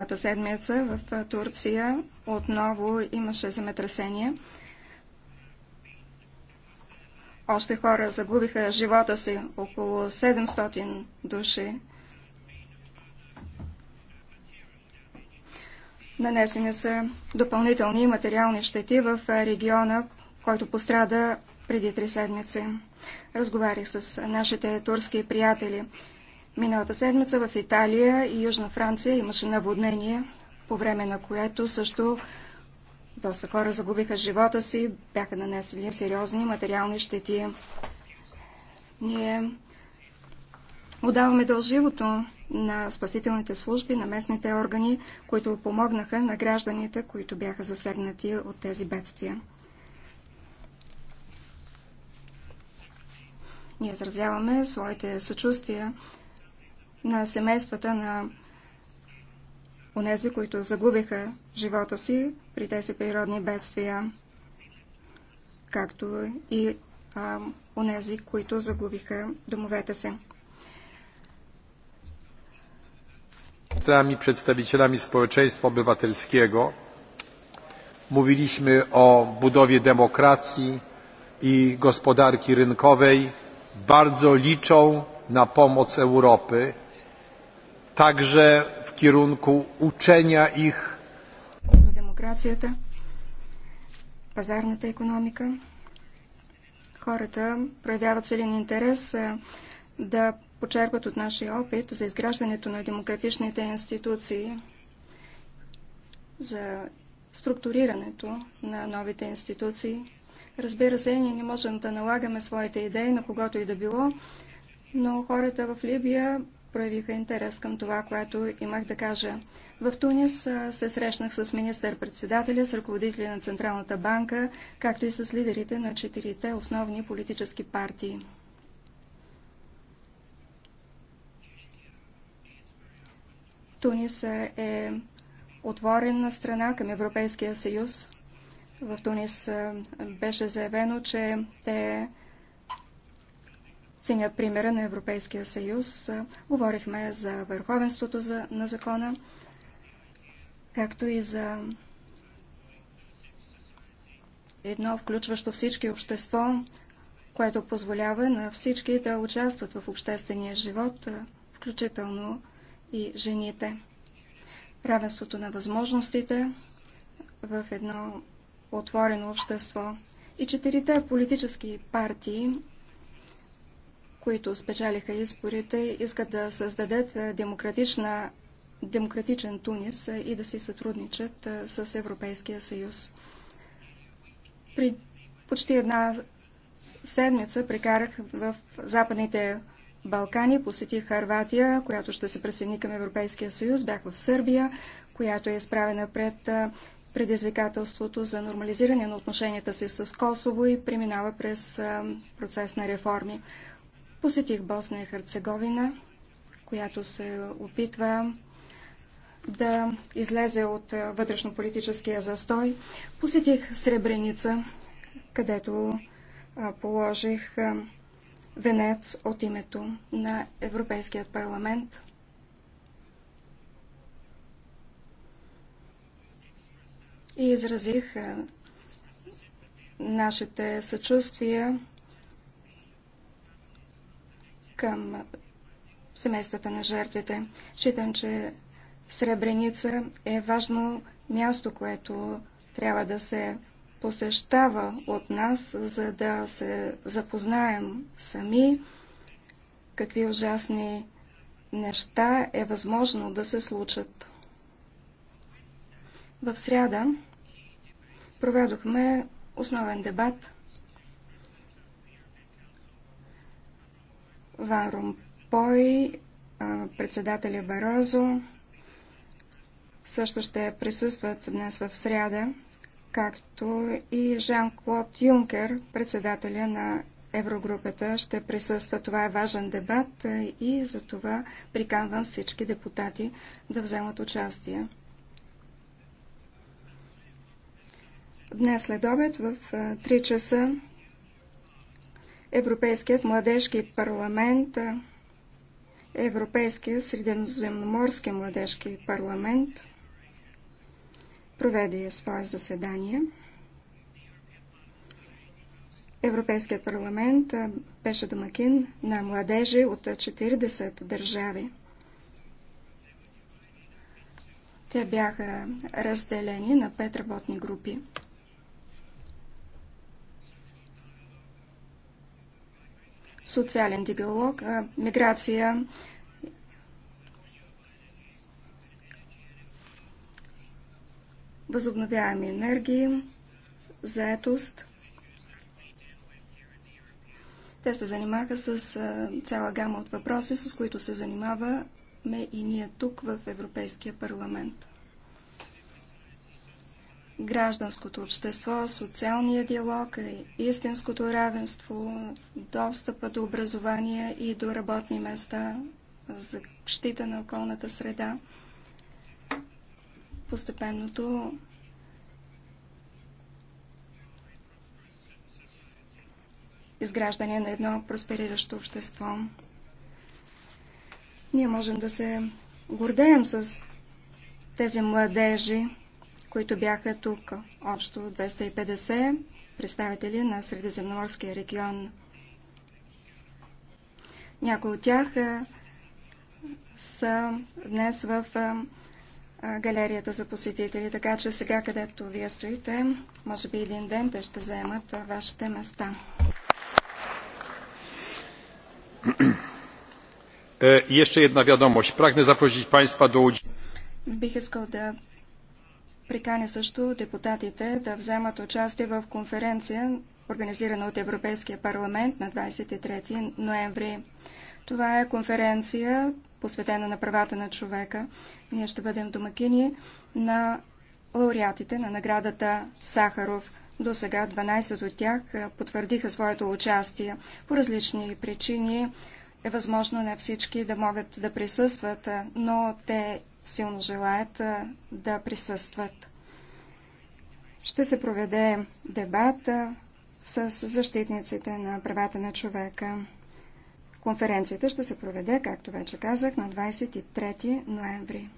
Миналата седмица в Турция отново имаше земетресение. Още хора загубиха живота си, около 700 души. Нанесени са допълнителни материални щети в региона, който пострада преди три седмици. Разговарях с нашите турски приятели. Миналата седмица в Италия и Южна Франция имаше наводнение, по време на което също доста хора загубиха живота си, бяха нанесени сериозни материални щети. Ние отдаваме дълживото на спасителните служби, на местните органи, които помогнаха на гражданите, които бяха засегнати от тези бедствия. Ние изразяваме своите съчувствия на семействата на онези, които загубиха живота си при тези природни бедствия, както и а, онези, които загубиха домовете си. представителями społeczeństwa obywatelskiego. Mówiliśmy o budowie demokracji i gospodarki rynkowej. Bardzo liczą na pomoc Europy także w kierunku uczenia ich за демокрацията, пазарната економика. Хората проявяват силен интерес да почерпат от нашия опит за изграждането на демократичните институции, за структурирането на новите институции. Разбира се, ние не можем да налагаме своите идеи на когото и да било, но хората в Либия проявиха интерес към това, което имах да кажа. В Тунис се срещнах с министър-председателя, с ръководителя на Централната банка, както и с лидерите на четирите основни политически партии. Тунис е отворена страна към Европейския съюз. В Тунис беше заявено, че те ценят примера на Европейския съюз. Говорихме за върховенството за, на закона, както и за едно включващо всички общество, което позволява на всички да участват в обществения живот, включително и жените. Равенството на възможностите в едно отворено общество. И четирите политически партии които спечелиха изборите, искат да създадат е, демократична, демократичен Тунис е, и да си сътрудничат е, с Европейския съюз. При почти една седмица прекарах в Западните Балкани, посетих Харватия, която ще се присъедини към Европейския съюз, бях в Сърбия, която е изправена пред предизвикателството за нормализиране на отношенията си с Косово и преминава през процес на реформи. Посетих Босна и Херцеговина, която се опитва да излезе от вътрешно-политическия застой. Посетих Сребреница, където положих венец от името на Европейският парламент. И изразих нашите съчувствия към семействата на жертвите. Считам, че Сребреница е важно място, което трябва да се посещава от нас, за да се запознаем сами какви ужасни неща е възможно да се случат. В сряда проведохме основен дебат Варум Пой, председателя Барозо, също ще присъстват днес в сряда, както и Жан-Клод Юнкер, председателя на Еврогрупата, ще присъства. Това е важен дебат и за това приканвам всички депутати да вземат участие. Днес след обед в 3 часа Европейският младежки парламент, Европейският средиземноморски младежки парламент проведе свое заседание. Европейският парламент беше домакин на младежи от 40 държави. Те бяха разделени на пет работни групи. социален диалог, миграция, възобновяеми енергии, заетост. Те се занимаха с цяла гама от въпроси, с които се занимаваме и ние тук в Европейския парламент гражданското общество, социалния диалог, истинското равенство, достъпа до образование и до работни места, защита на околната среда, постепенното изграждане на едно проспериращо общество. Ние можем да се гордеем с тези младежи, които бяха тук общо 250 представители на Средиземноморския регион. Някои от тях са днес в галерията за посетители, така че сега, където вие стоите, може би един ден те ще заемат вашите места. Jeszcze е, една вядомост. Прагне запросить Państwa до Бих искал да Прикани също депутатите да вземат участие в конференция, организирана от Европейския парламент на 23 ноември. Това е конференция, посветена на правата на човека. Ние ще бъдем домакини на лауреатите на наградата Сахаров. До сега 12 от тях е, потвърдиха своето участие. По различни причини е възможно не всички да могат да присъстват, е, но те силно желаят да присъстват. Ще се проведе дебат с защитниците на правата на човека. Конференцията ще се проведе, както вече казах, на 23 ноември.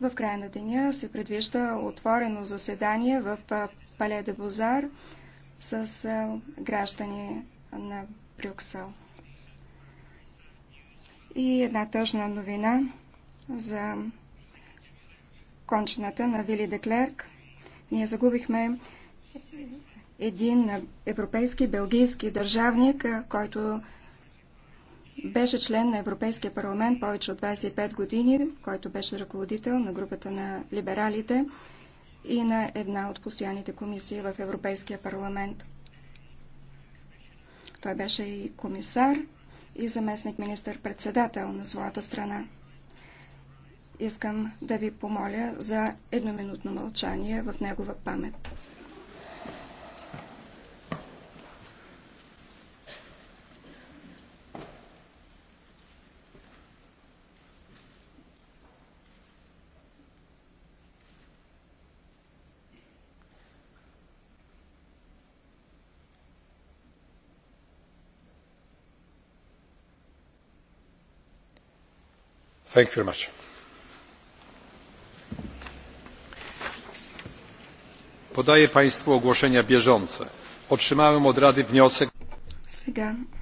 В края на деня се предвижда отворено заседание в Пале де Бозар с граждани на Брюксел. И една тъжна новина за кончината на Вили Деклерк. Ние загубихме един европейски, белгийски държавник, който беше член на Европейския парламент повече от 25 години, който беше ръководител на групата на либералите и на една от постоянните комисии в Европейския парламент. Той беше и комисар и заместник министър-председател на своята страна. Искам да ви помоля за едноминутно мълчание в негова памет. Thank you very much. Podaję Państwu ogłoszenia bieżące. Otrzymałem od Rady wniosek. Сега